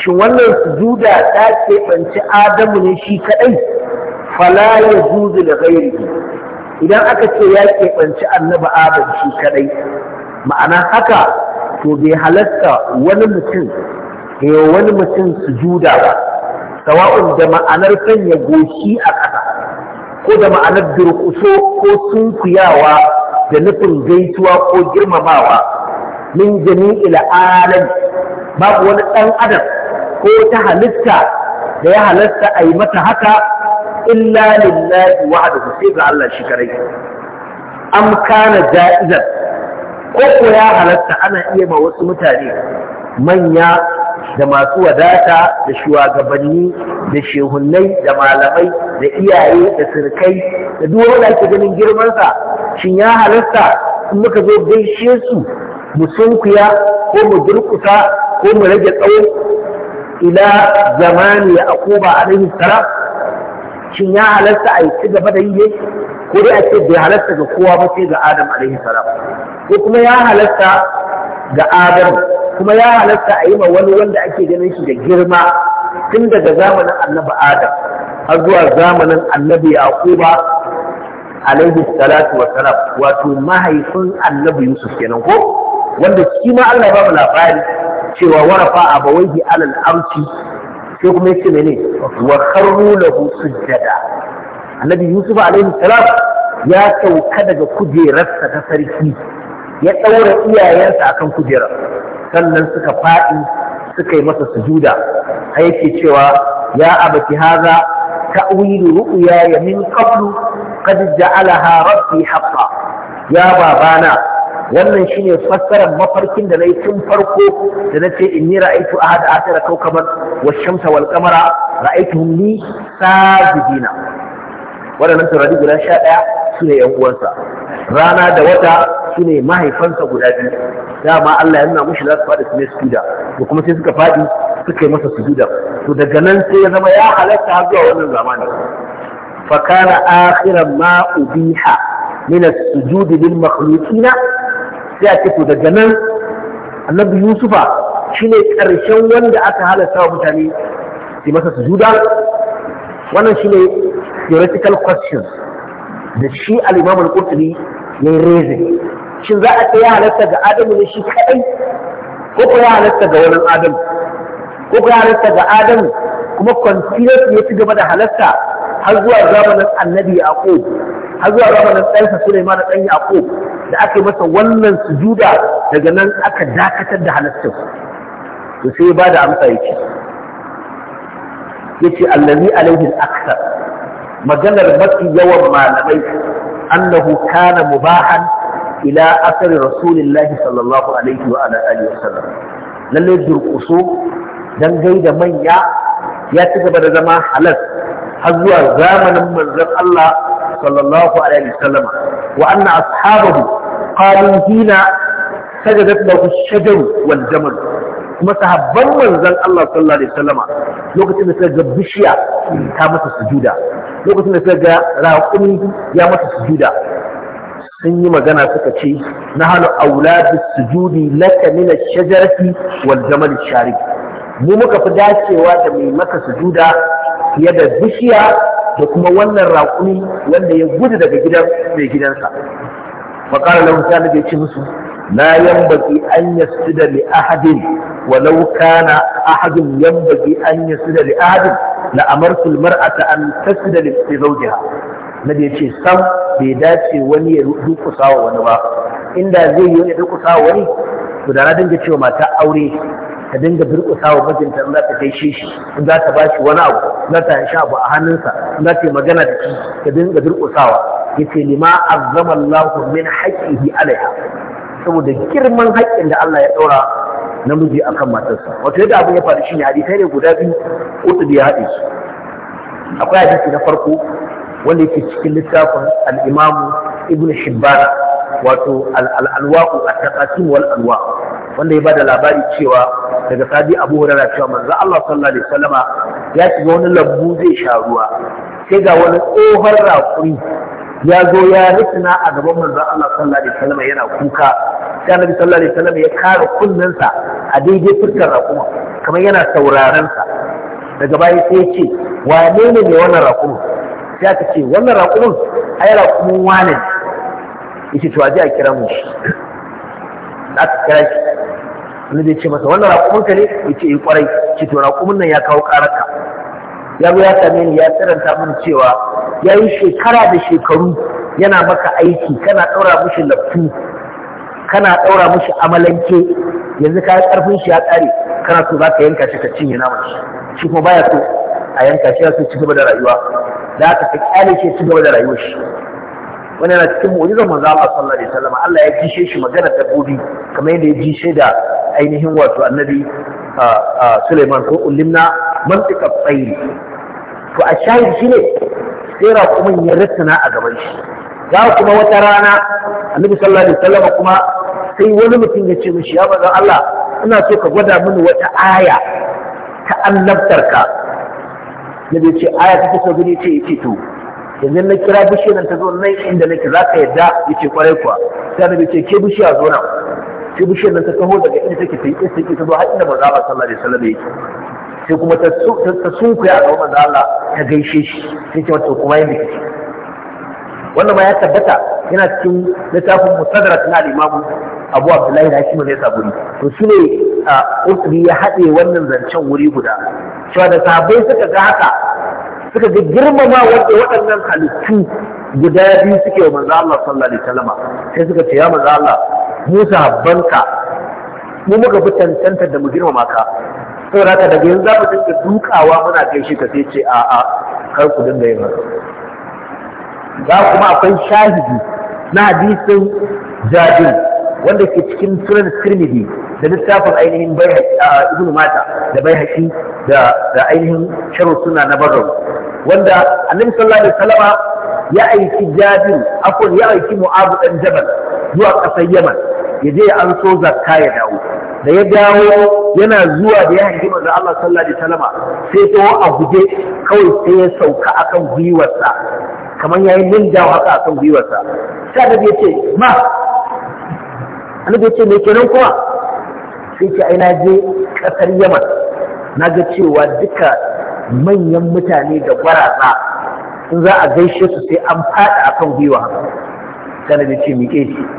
Speaker 1: shin wannan sujuda ta ke banci adamu ne shi kadai fala yajuzu li ghairihi idan aka ce ya ke banci annabi adam shi kadai ma'ana haka to bai halatta wani mutum da yi wani mutum sujuda ba sawa'un da ma'anar sanya goshi a ƙasa ko da ma'anar durƙuso ko sunkuyawa da nufin gaisuwa ko girmamawa min jami'il alam babu wani ɗan adam ko ta halitta da ya halitta a yi mata haka illa lillahi wahdahu sai ga Allah shi kare am kana ja'izan ko ko ya halatta ana iya ma wasu mutane manya da masu wadata da shugabanni da shehunnai da malamai da iyaye da sirkai da duk wanda ake ganin girmansa shin ya halasta in muka zo gaishe su mu sunkuya ko mu durkusa ko mu rage tsawo ila zamani ya akuba alaihi salam shin ya halasta a yi ci gaba da yi ko dai a ce bai halarta ga kowa ba sai ga adam alaihi salam ko kuma ya halarta ga adam kuma ya halatta a yi ma wani wanda ake ganin shi da girma tun daga zamanin annabi adam har zuwa zamanin annabi yaquba
Speaker 2: alaihi salatu
Speaker 1: wa salam wato mahaifin annabi yusuf kenan ko wanda shi ma Allah ba mu labari cewa warafa abawaihi alal arshi sai kuma yace mene wa kharru lahu sujjada annabi yusuf alaihi salam ya sauka daga kujerarsa ta sarki ya ɗaura iyayensa akan kujerar sannan suka faɗi suka yi masa sujuda har yake cewa ya abati haza ta'wilu ru'ya min qablu qad ja'alaha rabbi haqqan ya babana wannan shine fassarar mafarkin da nayi tun farko da nace inni ra'aytu ahada asara kawkaban wash-shamsa wal-qamara ra'aytuhum li sajidina wadannan taurari guda 11 su ne yan uwansa rana da wata su ne mahaifansa guda biyu dama Allah ya nuna mushi za su faɗi su ne sujuda da kuma sai suka faɗi suka yi masa sujuda to daga nan sai ya zama ya halatta har zuwa wannan zamanin Fakara kana akhiran ma ubiha min as-sujud lil makhluqina sai a to daga nan annabi yusufa shine karshen wanda aka halatta wa mutane su masa sujuda wannan shine theoretical questions da shi al-imam al-qurtubi ya shin za a tsaya halatta ga adamu ne shi kadai ko ya halatta ga wani adamu ko ya halatta ga adamu kuma continuous ya ci gaba da halatta har zuwa zamanin annabi ko, har zuwa zamanin ɗansa Sulaiman da ɗan ko, da aka yi masa wannan sujuda daga nan aka dakatar da halaccin to sai ba da amsa Ya yace allazi alaihi al aksar. maganar mafi yawan malamai annahu kana mubahan ila asari rasulillahi sallallahu alaihi wa ala alihi wasallam lalle durkuso dan gaida manya ya ci gaba da zama halal har zuwa zamanin manzon Allah sallallahu alaihi wasallam wa anna ashabahu qalu hina sajadat lahu shajar wal jamal kuma sahabban manzon Allah sallallahu alaihi wasallam lokacin da suka ga bishiya ta masa sujuda lokacin da suka ga raƙumi ya masa sujuda sun yi magana suka ce na halu auladu sujudi laka min shajarati wal jamal sharif mu muka fi dacewa da mai maka sujuda fiye da bishiya da kuma wannan raƙumi wanda ya gudu daga gidan mai gidansa fa qala lahu ta'ala bai ce musu لا ينبغي أن يسجد لأحد ولو كان أحد ينبغي أن يسجد لأحد لأمرت المرأة أن تسجد لزوجها nabi ya ce sam bai dace wani ya durkusa wani ba inda zai yi ya durkusa wani to da na dinga cewa mata aure ta dinga durkusa mijinta in za ta gaishe shi in za ta bashi wani abu in za ta sha abu a hannunsa in za ta yi magana da shi ta dinga durkusawa yace lima azzama Allahu min bi alaiha saboda girman haƙƙin da Allah ya ɗora namiji akan matarsa wato yadda abin ya faru shi ne hadisai ne guda biyu uku da ya haɗe su akwai hadisi na farko wanda yake cikin littafin al'imamu Ibn Hibban wato al a at wal Alwa wanda ya bada labari cewa daga sadi Abu Hurairah cewa manzo Allah sallallahu alaihi wasallama ya shiga wani lambu zai sha ruwa sai ga wani tsohon rakuri ya zo ya rikina a gaban manzo Allah sallallahu alaihi wasallam yana kuka sai Annabi sallallahu alaihi wasallam ya kare kunnensa a daidai fuskar rakuma kamar yana sauraron sa daga baya sai ya ce wane ne mai wannan rakuma sai aka ce wannan rakumin ai rakumin wane ne yace to aje a kira mu aka kira shi Annabi ya ce masa wannan rakumin ka ne yace eh kwarai ce to rakumin nan ya kawo karaka ya ya same ni ya tsiranta min cewa ya yi shekara da shekaru yana maka aiki kana ɗaura mushi laftu kana ɗaura mushi amalanke yanzu ka ƙarfin shi ya ƙare kana so za ka yanka shi ka cinye na shi shi kuma baya so a yanka shi ya so ci gaba da rayuwa da haka ka ƙyale shi ci gaba da rayuwar shi wani yana cikin mu'jizar manzo Allah sallallahu alaihi wasallam Allah ya jishe shi magana dabbobi kamar yadda ya jishe da ainihin wato annabi Suleiman ko ulimna mantika tsayi to a shahid shi ne sai raƙumin ya rattana a gaban shi za kuma wata rana annabi sallallahu alaihi wasallam kuma sai wani mutum ya ce mishi ya bazan Allah ina so ka gwada mini wata aya ta ne bai ce aya ta so gani ce yace to yanzu na kira bishiyar ta zo nan inda nake za ka yadda ce kwarai kuwa sai nabi ce ke bishiya zo na. sai bishiyar nan ta taho daga inda take ta yi ta yi ta zo har inda manzo Allah sallallahu alaihi wasallam yake sai kuma ta ta sunkuya a gaban manzo Allah ta gaishe shi sai ta wato kuma yin rikici wannan ma ya tabbata yana cikin littafin musaddara na al-Imam Abu Abdullahi da bin ne saburi to shine ukri ya haɗe wannan zancen wuri guda cewa da sabai suka ga haka suka ga girmama wanda waɗannan halittu guda biyu suke wa manzo Allah sallallahu alaihi wasallam sai suka ce ya manzo Allah mu sahabbanka mu muka fi cancantar da mu girmama ka saboda daga yanzu za mu dinga dukawa muna gaishe ka sai ce a a kar ku dinga yin haka za kuma akwai shahidi na hadisin jabir wanda ke cikin sunan tirmidhi da littafin ainihin bai ibnu mata da bai haƙi da ainihin sharo suna na barau wanda annabi sallallahu alaihi wasallama ya aiki jabir afwan ya aiki mu'abu dan jabal zuwa ƙasar yaman ya je an so zakka ya dawo da ya dawo yana zuwa da ya hangi manzo Allah sallallahu alaihi wasallam sai to a guje kawai sai ya sauka akan gwiwarsa kamar yayi min dawo haka akan gwiwarsa sai da bai ce ma annabi bai ce me kenan kuma sai ce ai na je ƙasar yaman na ga cewa duka manyan mutane da gwaraza in za a gaishe su sai an faɗi akan gwiwa haka sai da ya ce shi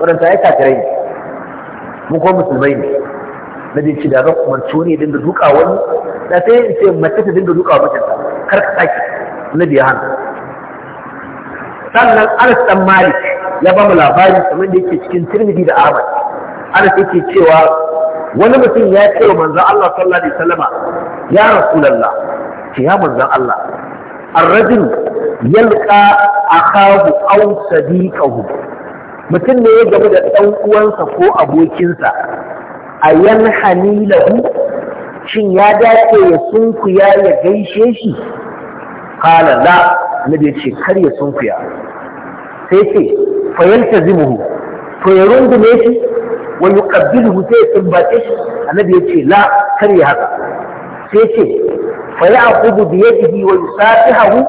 Speaker 1: waɗanda ya kafirai ne mun kuma musulmai ne na bin ci da zan kuma tuni din da duka wani da sai in ce mace ta da duka wani ta kar ka na biya hannu sannan anas dan malik ya ba mu labari kamar da yake cikin tirmidhi da ahmad anas yake cewa wani mutum ya ce wa manzon Allah sallallahu alaihi wasallama ya rasulullah ce ya manzon Allah الرجل يلقى أخاه أو صديقه mutum ne ya gaba da ɗan uwansa ko abokinsa a yan hanilahu shin ya dace ya sunkuya ya gaishe shi kala la bai ce kar ya sunkuya sai ce fayanta zimuhu to ya rungume shi wani ƙabbin hutu ya sumbace shi annabi ya ce la kar ya haka sai ce fa ya'khudhu bi yadihi wa yusafihu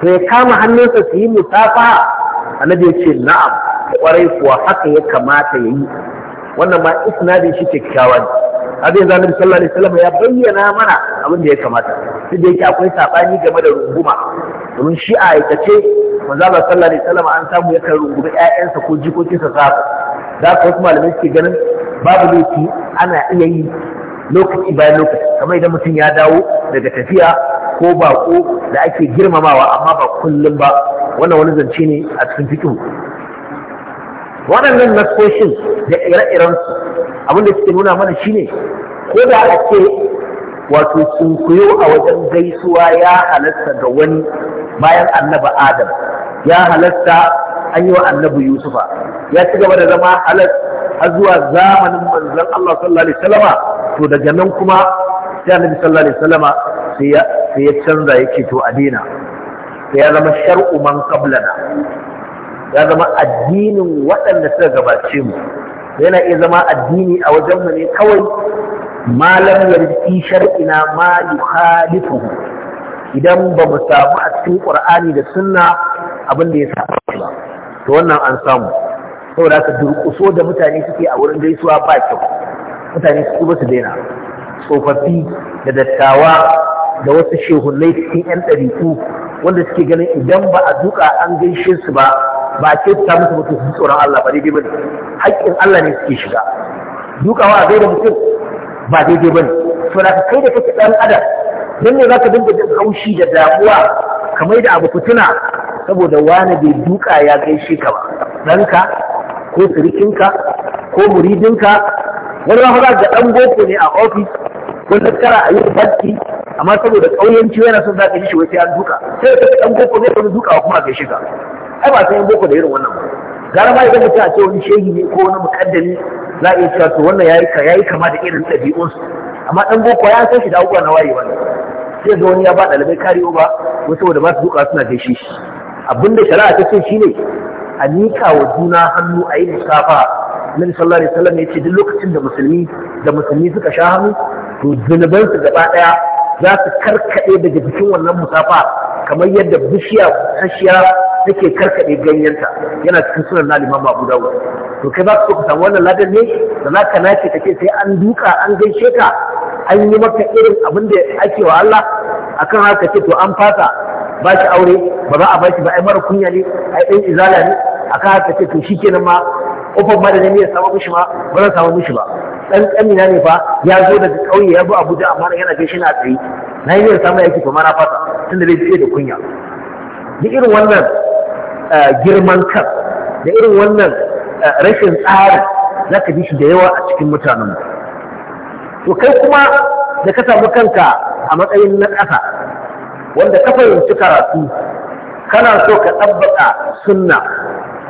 Speaker 1: to ya kama hannunsa su yi musafaha annabi ya ce na'am kwarai kuwa haka ya kamata ya yi wannan ma isnadin shi kyakkyawa ne abin da annabi sallallahu alaihi wasallam ya bayyana mana abin da ya kamata shi da yake akwai sabani game da runguma domin shi a aikace manzo Allah sallallahu alaihi wasallam an samu yakan rungumi ƴaƴansa ko jikokinsa sa da haka wasu malamai suke ganin babu laifi ana iya yi lokaci bayan lokaci kamar idan mutum ya dawo daga tafiya ko bako da ake girmamawa amma ba kullum ba wannan wani zance ne a cikin fikihu waɗannan nasoshin da ire-iren abin da suke nuna mana shine ko da a wato sunkuyo a wajen gaisuwa ya halatta ga wani bayan annaba adam ya halatta an yi wa annabi yusufa ya ci gaba da zama halas har zuwa zamanin manzon Allah sallallahu alaihi to daga nan kuma sai annabi sallallahu alaihi sai ya ya canza yake to adina sai ya zama shar'u man qablana ya zama addinin waɗanda suka gabace mu yana iya zama addini a wajen mu ne kawai malam yarfi shar'ina ma yukhalifuhu idan ba mu samu a cikin ƙur'ani da sunna abin ya samu ba ta wannan an samu saboda aka durƙuso da mutane suke a wurin gaisuwa ba kyau mutane su ba su daina tsofaffi da dattawa da wasu shehunai cikin 'yan ɗariku wanda suke ganin idan ba a duka an gaishe su ba ba a ta musu mutu su tsoron Allah ba daidai bane haƙƙin Allah ne suke shiga dukawa a gaida mutum ba daidai bane da kai da kake ɗan adam don ne za ka dinga jin haushi da damuwa kamar da abu fituna saboda wani bai duka ya gaishe ka ba ɗanka ko sirikinka ko muridinka wani ba za ga ɗan goko ne a ofis ko tattara a yi barki amma saboda ƙauyenci yana son za ka yi shi wai sai an duka sai ka ɗan goko ne wani duka kuma a gaishe ka ai ba sai boko da irin wannan ba gara ma idan mutum a ce wani shehi ne ko wani mukaddami za a iya cewa to wannan yayi kama da irin ɗabi'unsu amma ɗan boko ya san shi da abubuwa na wayewa sai ga wani ya ba ɗalibai kariyo ba wasu saboda ba su duka suna gaishe shi abinda shari'a ta ce shine a nika wa juna hannu a yi musafa annabi sallallahu alaihi wasallam ya ce duk lokacin da musulmi da musulmi suka sha hannu to zunubansu gaba ɗaya za su karkaɗe daga jikin wannan musafa kamar yadda bishiya sashiya take karkaɗe ganyenta yana cikin sunan na liman babu dawo to kai za ka samu wannan ladan ne da za ka nace ka sai an duka an gaishe ka an yi maka irin abin da ake wa Allah akan haka ce to an fasa ba shi aure ba za a ba shi ba ai mara kunya ne ai ɗan izala ne akan haka ce to shikenan ma Ƙofar ma da ne ya samu mishi ma ba zan samu mishi ba dan kanina ne fa ya zo daga kauye ya zo Abuja amma yana gaishe na tsayi na yi ne samu yake kuma na fasa tunda bai fiye da kunya duk irin wannan eh, girman kan da irin wannan eh, rashin tsari za ka ji shi da yawa a cikin mutanen to kai kuma da ka samu kanka a matsayin na ƙasa wanda ka fahimci karatu kana so ka tabbata sunna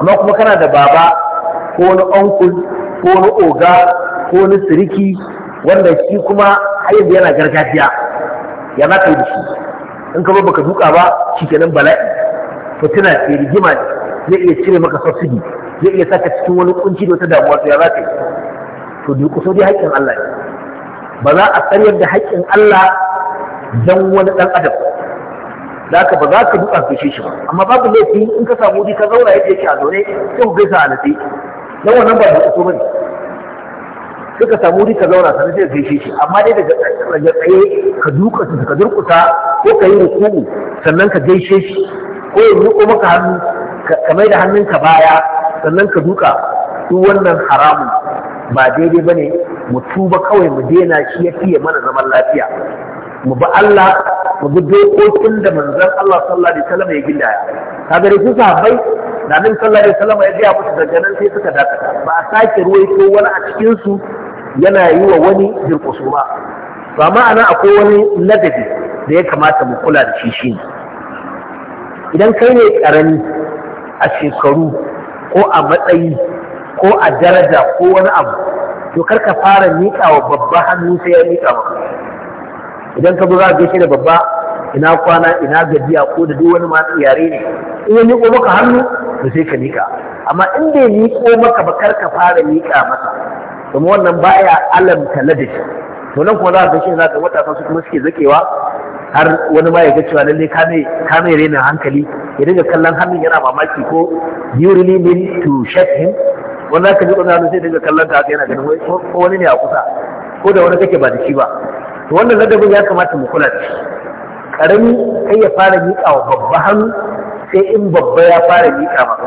Speaker 1: amma kuma kana da baba ko wani onkul ko wani oga ko wani siriki wanda shi kuma har yana gargajiya ya za ka yi da shi in ka baka duka ba shi kenan bala'i fitina ce rigima ne zai iya cire maka subsidy zai iya saka cikin wani kunci da wata damuwa to ya za ka yi to duk kusa dai haƙƙin Allah ne ba za a tsayar da haƙƙin Allah don wani ɗan adam da ka ba za ka duka fishe shi ba amma babu laifi in ka samu ji ka zauna yadda yake a zaune sai ku gaisa a nasi dan wannan ba da ba ne. suka samu rika zauna sannan zai gaishe shi amma dai daga daga tsaye ka duka su ka durkusa ko ka yi ruku'u sannan ka gaishe shi ko ya miƙo maka hannu ka mai da hannunka baya sannan ka duka duk wannan haramun ba daidai ba ne mu tuba kawai mu daina shi ya fiye mana zaman lafiya mu bi Allah mu bi dokokin da manzon Allah sallallahu alaihi wasallam ya gindaya kaga dai su sahabbai da nan sallallahu alaihi wasallam ya musu daga nan sai suka dakata ba a sake ruwaito wani a cikin su yana yi wa wani jirkusuma ba ma'ana akwai wani ladabi da ya kamata mu kula da shi shine idan kai ne karami a shekaru ko a matsayi ko a daraja ko wani abu to kar ka fara miƙa wa babba hannu sai ya miƙa maka idan ka zo za ka gaishe da babba ina kwana ina gajiya ko da duk wani ma yare ne in ya miƙo maka hannu to sai ka miƙa amma in bai miƙo maka ba kar ka fara miƙa masa kuma wannan ya alamta ladin to nan kuma za ka shi za ka matasa su kuma suke zakewa har wani ma ya ga cewa lalle ka mai rena hankali ya dinga kallon hannun yana mamaki ko you really mean to shut him wannan ka ji wani hannu sai dinga kallon ka haka yana ganin ko wani ne a kusa ko da wani kake ba da shi ba to wannan ladabin ya kamata mu kula da shi karami kai ya fara miƙa wa babba hannu sai in babba ya fara miƙa maka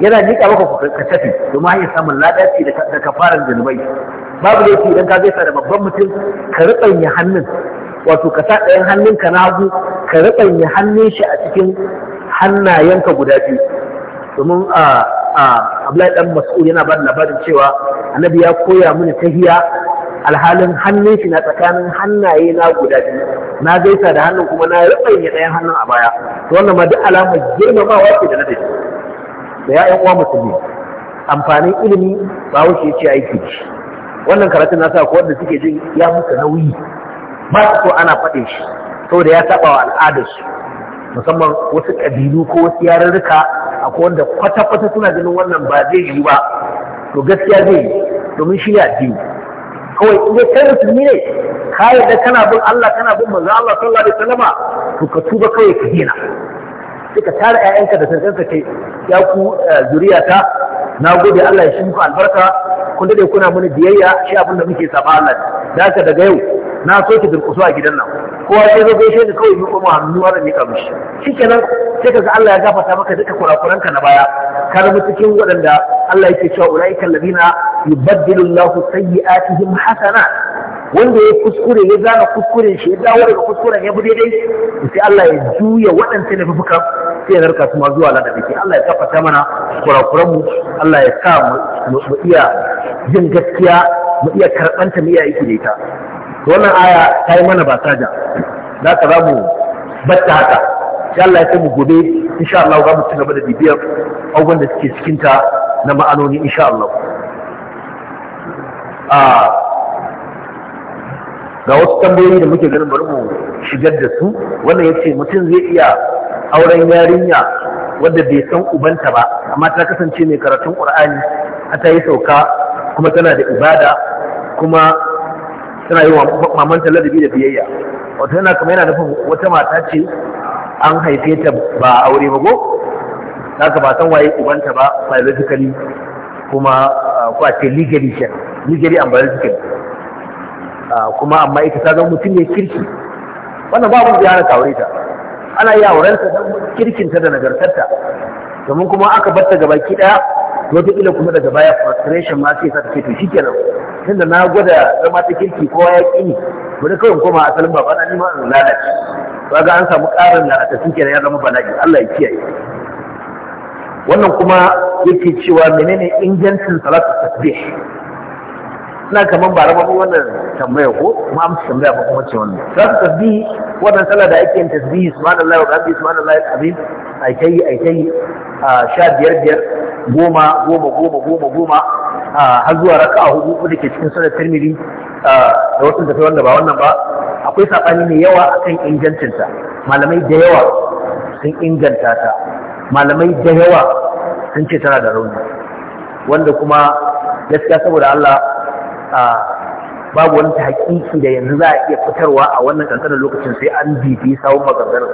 Speaker 1: yana jika maka ka tafi domin hanyar samun ladaci da kafaran zunubai babu laifi idan ka zai da babban mutum ka riɓanya hannun wato ka sa ɗayan hannunka na hagu ka riɓanya hannun shi a cikin hannayenka guda biyu domin a Abdullahi dan Mas'ud yana ba da labarin cewa Annabi ya koya mini tahiya alhalin hannun shi na tsakanin hannaye na guda biyu na gaisa da hannun kuma na rubanya ɗayan hannun a baya to wannan ma duk alamar girmamawa ce da na da ya yan uwa musulmi amfanin ilimi ba wuce ce aiki ne. wannan karatun nasa ko wanda suke jin ya musu nauyi ba su so ana faɗin shi saboda ya saba wa su. musamman wasu ƙabilu ko wasu yarurruka akwai wanda kwata-kwata suna ganin wannan ba zai yi ba to gaskiya zai yi domin shi ne addini kawai in kai musulmi ne ka da kana bin Allah kana bin manzo Allah sallallahu alaihi wasallama to ka tuba kawai ka dena sai tara 'ya'yanka da sarƙarka ke ya ku eh, zuriyata na gode Allah ya shi muku albarka kun dade kuna mana biyayya shi abin da muke saba Allah da haka daga yau na so ki durƙusu a gidan nan kowa sai zo gaishe ni kawai miƙo mu hannu har miƙa shi shikenan sai kaga Allah ya gafarta maka duka kurakuran ka na baya ka rabu cikin waɗanda Allah yake cewa ulaika alladhina yubaddilu Allahu sayyi'atihim hasanat wanda ya kuskure ya zana kuskure shi ya dawo daga kuskuren ya bi daidai sai Allah ya juya waɗansu na fufuka sai ya narka su zuwa lada ke Allah ya tafata mana kurakuran mu Allah ya sa mu iya jin gaskiya mu iya karɓanta mu iya aiki da ita wannan aya ta yi mana ba ja za ka za mu batta haka sai Allah ya sai mu gobe insha Allah za mu ci gaba da bibiyar abubuwan da suke cikinta na ma'anoni insha Allah ah, ga wasu tambayoyi da muke ganin bari mu shigar da su wannan ya ce mutum zai iya auren yarinya wadda bai san ubanta ba amma ta kasance mai karatun ƙur'ani ta yi sauka kuma tana da ibada kuma tana yi mamanta ladabi da biyayya wata yana kama yana nufin wata mata ce an haife ta ba aure ba go ka ba san waye ubanta ba biologically kuma uh, ko a ce legally legally and biologically kuma amma ita ta zama mutum ne kirki wannan babu da yana kawai ta ana iya aurenta don ta da nagartarta domin kuma aka bar ta gaba ki daya ila kuma daga baya frustration ma sai ta ce to shikenan tunda na gwada zama ta kirki kowa ya kini, bari kawai koma asalin baba na nima in lalace ba ga an samu ƙarin lalatattun kenan ya zama bala'i Allah ya kiyaye wannan kuma yake cewa menene ingancin salatu tasbih na kaman ba raba wannan tambaya ko ma amsa tambaya ba kuma ce wannan za su tasbihi wannan sallah da ake yin tasbihi subhanallahi wa bihamdihi subhanallahi alazim ai kai ai kai sha biyar biyar goma goma goma goma goma har zuwa raka'a hudu da ke cikin sunan tirmidhi da wasu tafi wanda ba wannan ba akwai sabani mai yawa akan ingancinta malamai da yawa sun inganta ta malamai da yawa sun ce tana da rauni wanda kuma gaskiya saboda Allah babu wani ta hakiki da yanzu za a iya fitarwa a wannan kankanin lokacin sai an bibi sawun maganganun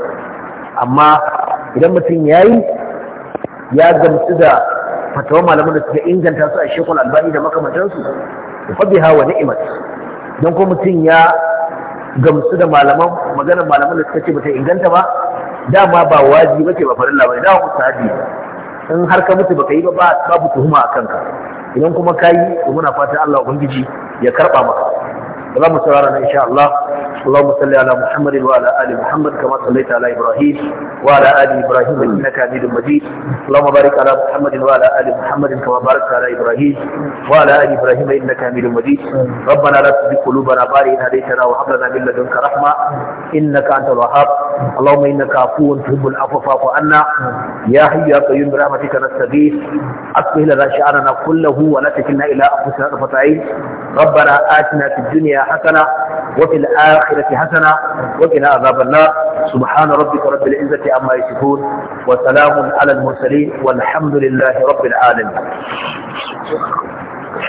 Speaker 1: amma idan mutum ya yi ya gamsu da fatawa malaman da suka inganta su a shekul albani da makamantansu da fabi hawa ni'imat don ko mutum ya gamsu da malaman maganar malaman da suka ce bata inganta ba dama ba wajibi ke ba farin labarai dama musahabi in har ka mutu baka yi ba babu tuhuma a kanka idan kuma kayi ko muna fatan Allah ubangiji ya karɓa maka za mu saurara na insha Allah Allahumma salli ala Muhammad wa ala ali Muhammad kama sallaita ala Ibrahim wa ala ali Ibrahim innaka Hamidum Majid Allahumma barik ala Muhammad wa ala ali Muhammad kama barakta ala Ibrahim wa ala ali Ibrahim innaka Hamidum Majid Rabbana la tuzigh qulubana ba'da idh hadaytana wa hab lana min ladunka rahma innaka antal wahhab Allahumma innaka afuwun tuhibbul afwa fa'fu anna ya hayyu ya qayyum bi rahmatika nastaghith aqbil lana sha'rana kullahu wa la takilna ila anfusina tarfata'in ربنا آتنا في الدنيا حسنة وفي الآخرة حسنة وقنا عذاب النار سبحان ربك رب العزة عما يصفون وسلام على المرسلين والحمد لله رب العالمين